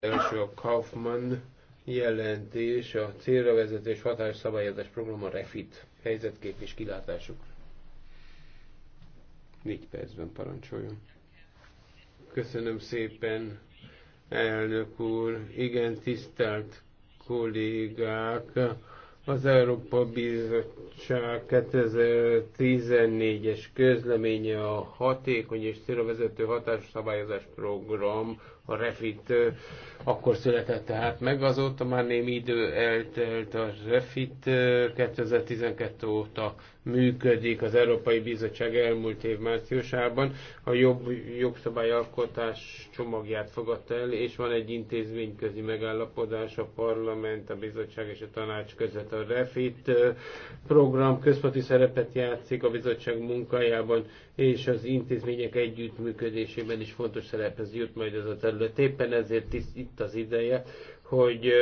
Első a Kaufmann jelentés, a célra vezető és hatás szabályozás program a REFIT, helyzetkép és kilátásuk. Négy percben parancsoljon. Köszönöm szépen, elnök úr. Igen, tisztelt kollégák. Az Európa Bizottság 2014-es közleménye a hatékony és célra vezető hatásszabályozás program a refit akkor született tehát meg, azóta már némi idő eltelt a refit 2012 óta működik az Európai Bizottság elmúlt év márciusában. A jobb jogszabályalkotás csomagját fogadta el, és van egy intézményközi megállapodás a parlament, a bizottság és a tanács között. A refit program központi szerepet játszik a bizottság munkájában, és az intézmények együttműködésében is fontos szerephez jut majd ez a terület terület. Éppen ezért itt az ideje, hogy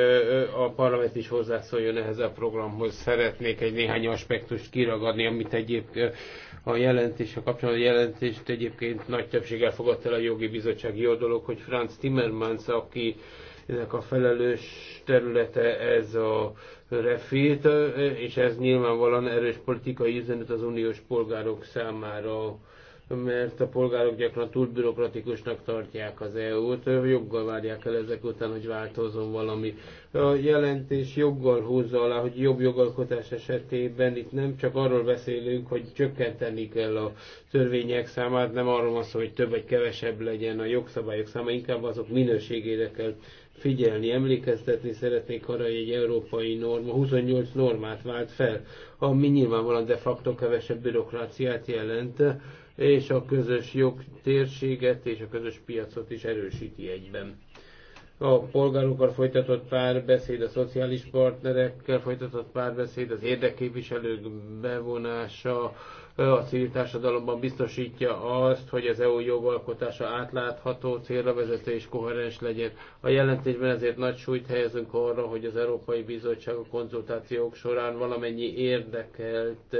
a parlament is hozzászóljon ehhez a programhoz. Szeretnék egy néhány aspektust kiragadni, amit egyébként a jelentés, a kapcsolatban jelentést egyébként nagy többséggel fogadta el a jogi bizottság. Jó dolog, hogy Franz Timmermans, aki ennek a felelős területe ez a refit, és ez nyilvánvalóan erős politikai üzenet az uniós polgárok számára mert a polgárok gyakran túl bürokratikusnak tartják az EU-t, joggal várják el ezek után, hogy változzon valami. A jelentés joggal húzza alá, hogy jobb jogalkotás esetében itt nem csak arról beszélünk, hogy csökkenteni kell a törvények számát, nem arról van szó, hogy több vagy kevesebb legyen a jogszabályok száma, inkább azok minőségére kell figyelni, emlékeztetni szeretnék arra, hogy egy európai norma 28 normát vált fel, ami nyilvánvalóan de facto kevesebb bürokráciát jelent, és a közös jogtérséget és a közös piacot is erősíti egyben a polgárokkal folytatott párbeszéd, a szociális partnerekkel folytatott párbeszéd, az érdekképviselők bevonása a civil társadalomban biztosítja azt, hogy az EU jogalkotása átlátható, célra vezető és koherens legyen. A jelentésben ezért nagy súlyt helyezünk arra, hogy az Európai Bizottság a konzultációk során valamennyi érdekelt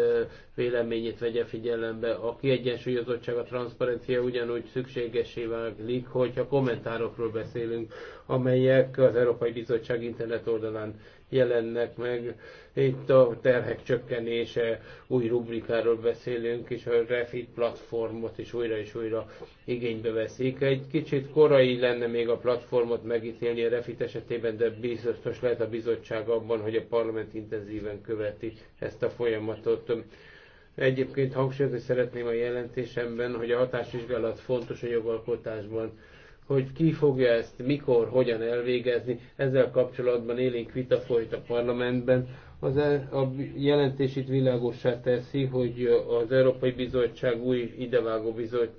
véleményét vegye figyelembe. A kiegyensúlyozottság, a transzparencia ugyanúgy szükségesé válik, hogyha kommentárokról beszélünk amelyek az Európai Bizottság internet oldalán jelennek meg. Itt a terhek csökkenése, új rubrikáról beszélünk, és a Refit platformot is újra és újra igénybe veszik. Egy kicsit korai lenne még a platformot megítélni a Refit esetében, de biztos lehet a bizottság abban, hogy a parlament intenzíven követi ezt a folyamatot. Egyébként hangsúlyozni szeretném a jelentésemben, hogy a hatásvizsgálat fontos a jogalkotásban hogy ki fogja ezt, mikor, hogyan elvégezni. Ezzel kapcsolatban élénk vita folyt a parlamentben. Az el, a jelentés itt világosá teszi, hogy az Európai Bizottság új idevágó, bizottság,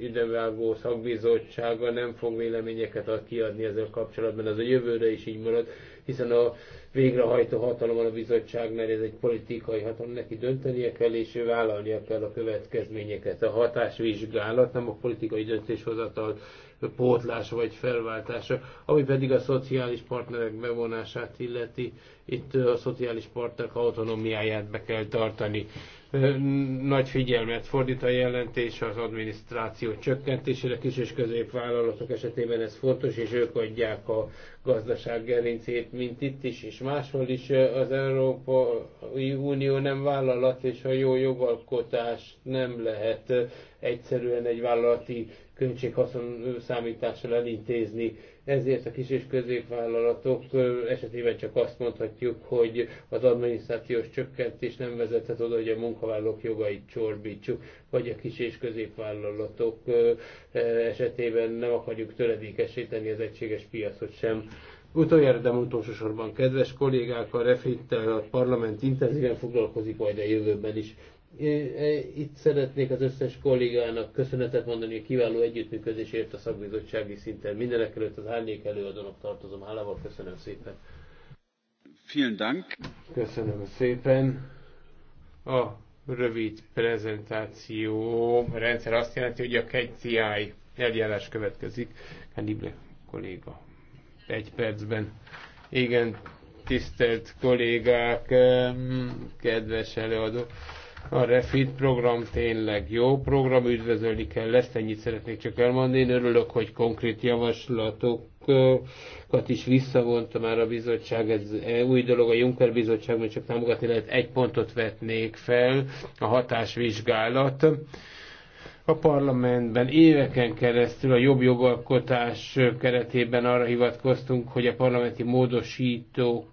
idevágó szakbizottsága nem fog véleményeket kiadni ezzel kapcsolatban. Ez a jövőre is így marad, hiszen a végrehajtó hatalom van a mert ez egy politikai hatalom, neki döntenie kell, és ő vállalnia kell a következményeket. A hatásvizsgálat nem a politikai döntéshozatal pótlása vagy felváltása, ami pedig a szociális partnerek bevonását illeti, itt a szociális partnerek autonomiáját be kell tartani. Nagy figyelmet fordít a jelentés az adminisztráció csökkentésére, kis és középvállalatok esetében ez fontos, és ők adják a gazdaság gerincét, mint itt is, és máshol is az Európai Unió nem vállalat, és a jó jogalkotás nem lehet egyszerűen egy vállalati költséghaszon számítással elintézni. Ezért a kis és középvállalatok esetében csak azt mondhatjuk, hogy az adminisztrációs csökkentés nem vezethet oda, hogy a munkavállalók jogait csorbítsuk, vagy a kis és középvállalatok esetében nem akarjuk töredékesíteni az egységes piacot sem. Utoljára, de utolsó sorban, kedves kollégák, a refittel a parlament intenzíven foglalkozik majd a jövőben is. Eh, itt szeretnék az összes kollégának köszönetet mondani a kiváló együttműködésért a szakbizottsági szinten. Mindenek előtt az árnyék előadónak tartozom. Hálával köszönöm szépen. Vielen Dank. Köszönöm szépen. A rövid prezentáció rendszer azt jelenti, hogy a KCI eljárás következik. Kanible kolléga egy percben. Igen, tisztelt kollégák, kedves előadó. A Refit program tényleg jó program, üdvözölni kell ezt, ennyit szeretnék csak elmondani. Én örülök, hogy konkrét javaslatokat is visszavonta már a bizottság. Ez új dolog a Juncker bizottságban, csak támogatni lehet. Egy pontot vetnék fel, a hatásvizsgálat a parlamentben éveken keresztül a jobb jogalkotás keretében arra hivatkoztunk, hogy a parlamenti módosítók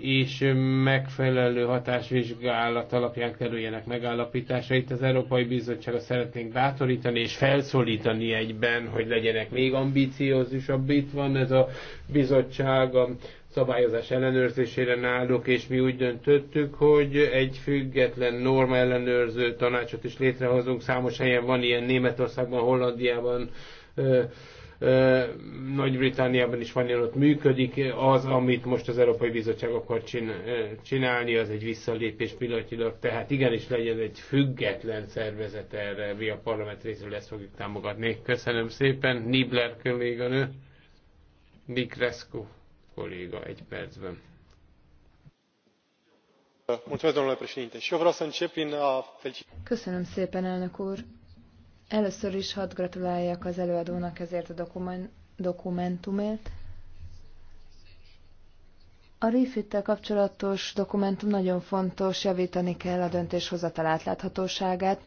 és megfelelő hatásvizsgálat alapján kerüljenek megállapításra. Itt az Európai Bizottságot szeretnénk bátorítani és felszólítani egyben, hogy legyenek még ambíciózusabb. Itt van ez a bizottság a szabályozás ellenőrzésére náluk, és mi úgy döntöttük, hogy egy független norma ellenőrző tanácsot is létrehozunk. Számos helyen van ilyen Németországban, Hollandiában, Nagy-Britániában is van ilyen, ott működik. Az, amit most az Európai Bizottság akar csinálni, az egy visszalépés pillanatilag. Tehát igenis legyen egy független szervezet erre, mi a parlament részéről ezt fogjuk támogatni. Köszönöm szépen, Nibler kolléganő, Nick kolléga egy percben. Köszönöm szépen, elnök úr. Először is hadd gratuláljak az előadónak ezért a dokumentumért. A refit kapcsolatos dokumentum nagyon fontos, javítani kell a döntéshozatal átláthatóságát.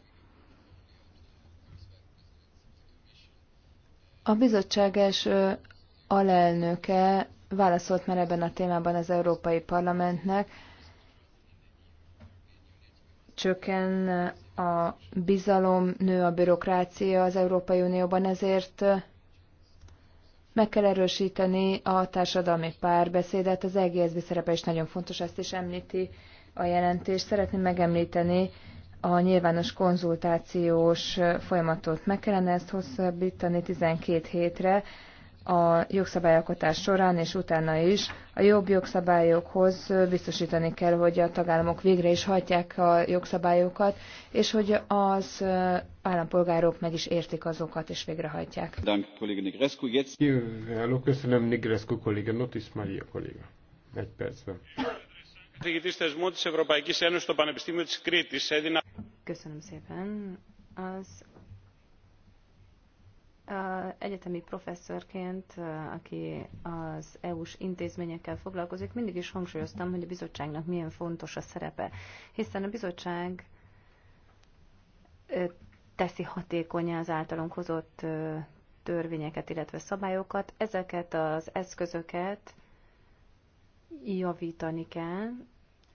A bizottság első alelnöke válaszolt már ebben a témában az Európai Parlamentnek. Csökken a bizalom, nő a bürokrácia az Európai Unióban, ezért meg kell erősíteni a társadalmi párbeszédet, az EGSZB szerepe is nagyon fontos, ezt is említi a jelentés. Szeretném megemlíteni a nyilvános konzultációs folyamatot. Meg kellene ezt hosszabbítani 12 hétre, a jogszabályalkotás során és utána is a jobb jogszabályokhoz biztosítani kell, hogy a tagállamok végre is hajtják a jogszabályokat, és hogy az állampolgárok meg is értik azokat, és végrehajtják. Köszönöm, Nigrescu kolléga, Notis Maria kolléga. Egy percben. Köszönöm szépen. Az egyetemi professzorként, aki az EU-s intézményekkel foglalkozik, mindig is hangsúlyoztam, hogy a bizottságnak milyen fontos a szerepe, hiszen a bizottság teszi hatékonyá az általunk hozott törvényeket, illetve szabályokat. Ezeket az eszközöket javítani kell,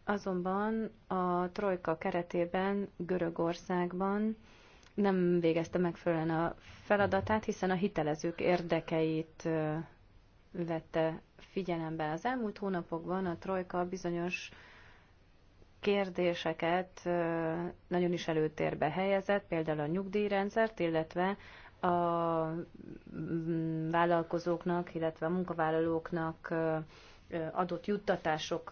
azonban a Trojka keretében Görögországban nem végezte megfelelően a feladatát, hiszen a hitelezők érdekeit vette figyelembe. Az elmúlt hónapokban a Trojka bizonyos kérdéseket nagyon is előtérbe helyezett, például a nyugdíjrendszert, illetve a mm, vállalkozóknak, illetve a munkavállalóknak adott juttatásokról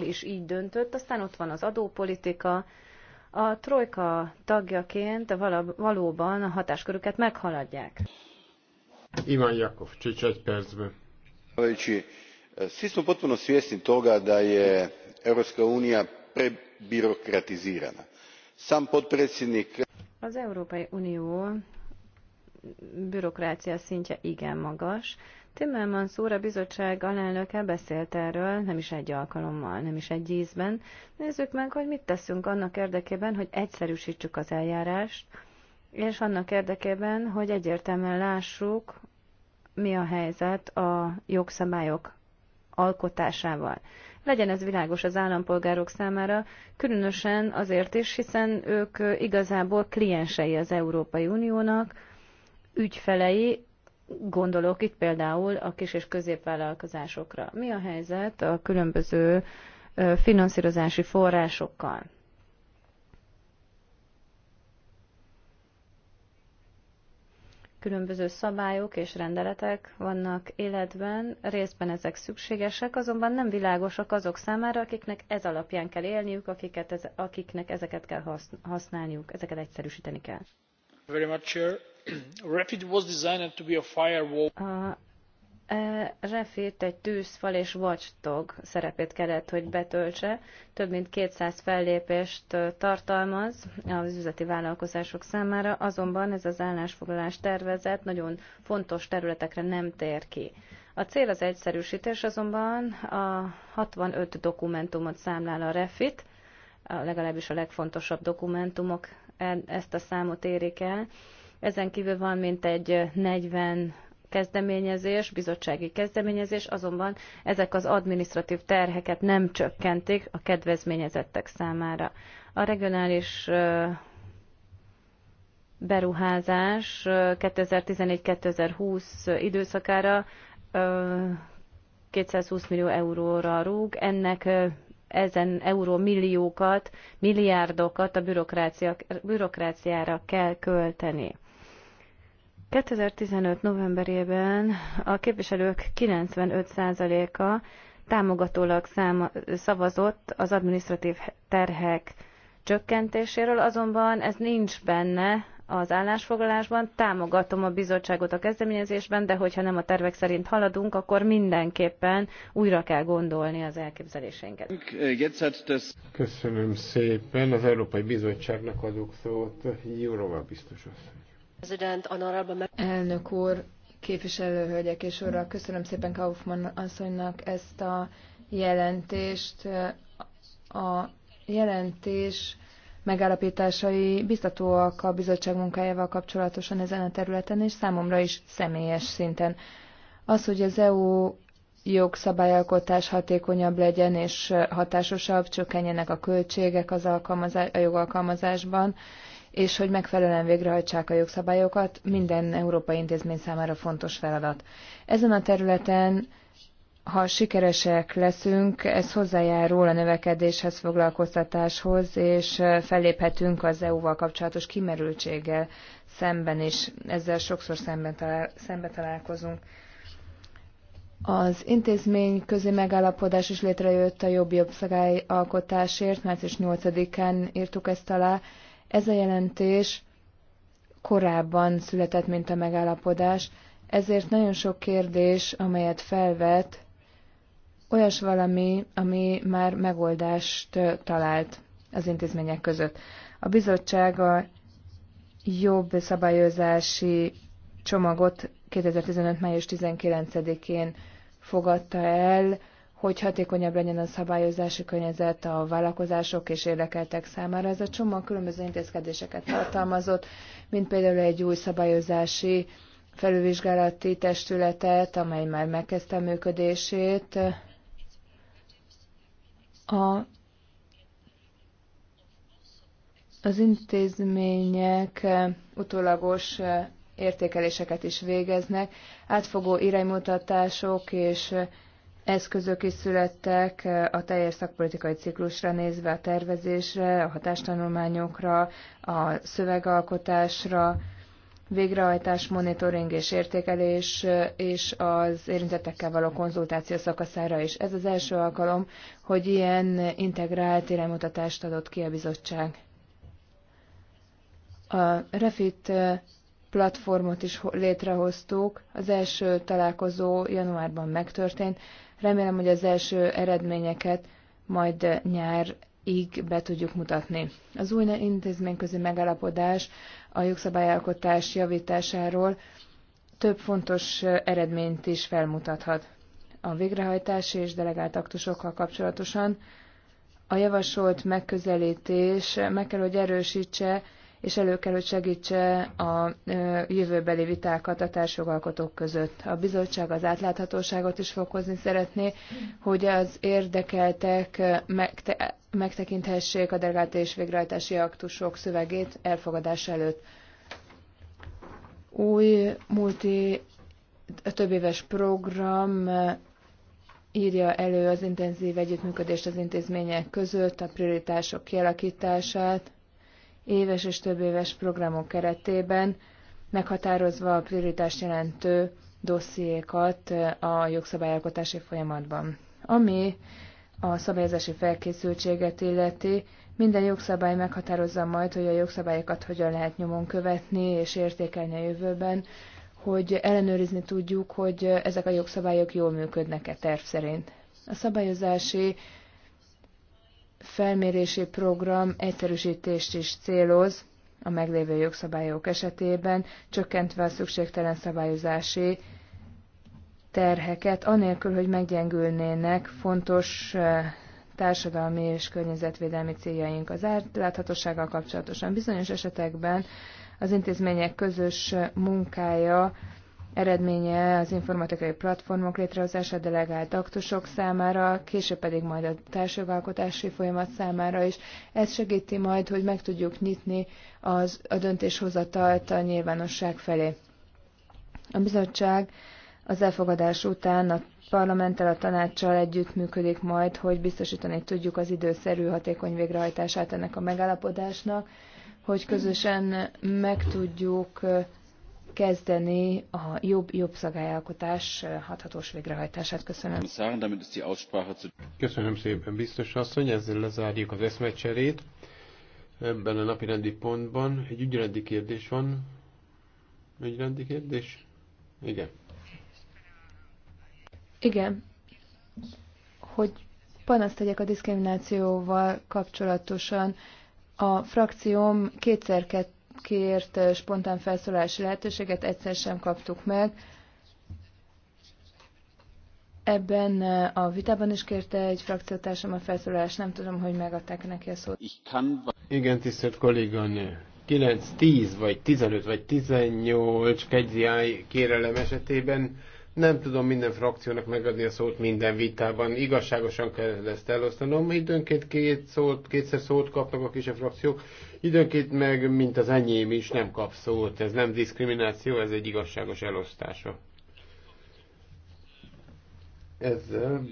is így döntött. Aztán ott van az adópolitika, a trojka tagjaként vala, valóban a hatáskörüket meghaladják. Iman Jakov, csücs egy percben. Svi smo potpuno svjesni toga da je Európska Unia prebirokratizirana. Sam potpredsjednik... Az Európai Unió bürokrácia szintje igen magas. Timmermans úr a bizottság alelnöke beszélt erről, nem is egy alkalommal, nem is egy ízben. Nézzük meg, hogy mit teszünk annak érdekében, hogy egyszerűsítsük az eljárást, és annak érdekében, hogy egyértelműen lássuk, mi a helyzet a jogszabályok alkotásával. Legyen ez világos az állampolgárok számára, különösen azért is, hiszen ők igazából kliensei az Európai Uniónak, ügyfelei, Gondolok itt például a kis- és középvállalkozásokra. Mi a helyzet a különböző finanszírozási forrásokkal? Különböző szabályok és rendeletek vannak életben, részben ezek szükségesek, azonban nem világosak azok számára, akiknek ez alapján kell élniük, akiket ez, akiknek ezeket kell használniuk, ezeket egyszerűsíteni kell. Very much, sure. Refit was designed to be a firewall. A e, Refit egy tűzfal és watchdog szerepét kellett, hogy betöltse. Több mint 200 fellépést tartalmaz az üzleti vállalkozások számára, azonban ez az állásfoglalás tervezet nagyon fontos területekre nem tér ki. A cél az egyszerűsítés, azonban a 65 dokumentumot számlál a Refit, legalábbis a legfontosabb dokumentumok e, ezt a számot érik el, ezen kívül van mintegy 40 kezdeményezés, bizottsági kezdeményezés, azonban ezek az administratív terheket nem csökkentik a kedvezményezettek számára. A regionális beruházás 2014-2020 időszakára 220 millió euróra rúg. Ennek ezen euró milliókat, milliárdokat a bürokráciára kell költeni. 2015. novemberében a képviselők 95%-a támogatólag száma, szavazott az administratív terhek csökkentéséről, azonban ez nincs benne az állásfoglalásban. Támogatom a bizottságot a kezdeményezésben, de hogyha nem a tervek szerint haladunk, akkor mindenképpen újra kell gondolni az elképzeléseinket. Köszönöm szépen. Az Európai Bizottságnak adok szót. Jóróval biztos asszony. Elnök úr, képviselőhölgyek és urak, köszönöm szépen Kaufmann asszonynak ezt a jelentést. A jelentés megállapításai biztatóak a bizottság munkájával kapcsolatosan ezen a területen, és számomra is személyes szinten. Az, hogy az EU jogszabályalkotás hatékonyabb legyen és hatásosabb, csökkenjenek a költségek az alkalmazás, a jogalkalmazásban, és hogy megfelelően végrehajtsák a jogszabályokat, minden európai intézmény számára fontos feladat. Ezen a területen, ha sikeresek leszünk, ez hozzájárul a növekedéshez, foglalkoztatáshoz, és felléphetünk az EU-val kapcsolatos kimerültséggel szemben is. Ezzel sokszor szemben talál, szembe találkozunk. Az intézmény közé megállapodás is létrejött a jobb jobb alkotásért, március 8-án írtuk ezt alá, ez a jelentés korábban született, mint a megállapodás, ezért nagyon sok kérdés, amelyet felvet, olyas valami, ami már megoldást talált az intézmények között. A bizottság a jobb szabályozási csomagot 2015. május 19-én fogadta el, hogy hatékonyabb legyen a szabályozási környezet a vállalkozások és érdekeltek számára. Ez a csomag különböző intézkedéseket tartalmazott, mint például egy új szabályozási felülvizsgálati testületet, amely már megkezdte a működését. A, az intézmények utólagos értékeléseket is végeznek, átfogó iránymutatások és eszközök is születtek a teljes szakpolitikai ciklusra nézve, a tervezésre, a hatástanulmányokra, a szövegalkotásra, végrehajtás, monitoring és értékelés, és az érintettekkel való konzultáció szakaszára is. Ez az első alkalom, hogy ilyen integrált iránymutatást adott ki a bizottság. A Refit platformot is létrehoztuk. Az első találkozó januárban megtörtént. Remélem, hogy az első eredményeket majd nyárig be tudjuk mutatni. Az új intézményközi megalapodás, a jogszabályalkotás javításáról több fontos eredményt is felmutathat. A végrehajtási és delegált aktusokkal kapcsolatosan a javasolt megközelítés meg kell, hogy erősítse és elő kell, hogy segítse a jövőbeli vitákat a társjogalkotók között. A bizottság az átláthatóságot is fokozni szeretné, hogy az érdekeltek megte- megtekinthessék a delegált és végrehajtási aktusok szövegét elfogadás előtt. Új multi több éves program írja elő az intenzív együttműködést az intézmények között, a prioritások kialakítását, éves és több éves programok keretében, meghatározva a prioritást jelentő dossziékat a jogszabályalkotási folyamatban. Ami a szabályozási felkészültséget illeti, minden jogszabály meghatározza majd, hogy a jogszabályokat hogyan lehet nyomon követni és értékelni a jövőben, hogy ellenőrizni tudjuk, hogy ezek a jogszabályok jól működnek-e terv szerint. A szabályozási felmérési program egyszerűsítést is céloz a meglévő jogszabályok esetében, csökkentve a szükségtelen szabályozási terheket, anélkül, hogy meggyengülnének fontos eh, társadalmi és környezetvédelmi céljaink. Az átláthatósággal kapcsolatosan bizonyos esetekben az intézmények közös eh, munkája eredménye az informatikai platformok létrehozása delegált aktusok számára, később pedig majd a társjogalkotási folyamat számára is. Ez segíti majd, hogy meg tudjuk nyitni az, a döntéshozatalt a nyilvánosság felé. A bizottság az elfogadás után a parlamenttel, a tanácssal együttműködik majd, hogy biztosítani tudjuk az időszerű hatékony végrehajtását ennek a megállapodásnak, hogy közösen meg tudjuk kezdeni a jobb jobb szabályalkotás hathatós végrehajtását. Köszönöm. Köszönöm szépen, biztos asszony, ezzel lezárjuk az eszmecserét. Ebben a napi rendi pontban egy ügyrendi kérdés van. Ügyrendi kérdés? Igen. Igen. Hogy panaszt tegyek a diszkriminációval kapcsolatosan, a frakcióm kétszer-kettő kért eh, spontán felszólalási lehetőséget egyszer sem kaptuk meg. Ebben eh, a vitában is kérte egy frakciótársam a felszólalást, nem tudom, hogy megadták neki a szót. Igen, tisztelt kolléganő. 9, 10 vagy 15 vagy 18 kegyziáj kérelem esetében nem tudom minden frakciónak megadni a szót minden vitában. Igazságosan kell ezt elosztanom. Időnként két szót, kétszer szót kapnak a kisebb frakciók, időnként meg, mint az enyém is, nem kap szót. Ez nem diszkrimináció, ez egy igazságos elosztása. Ezzel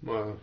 ma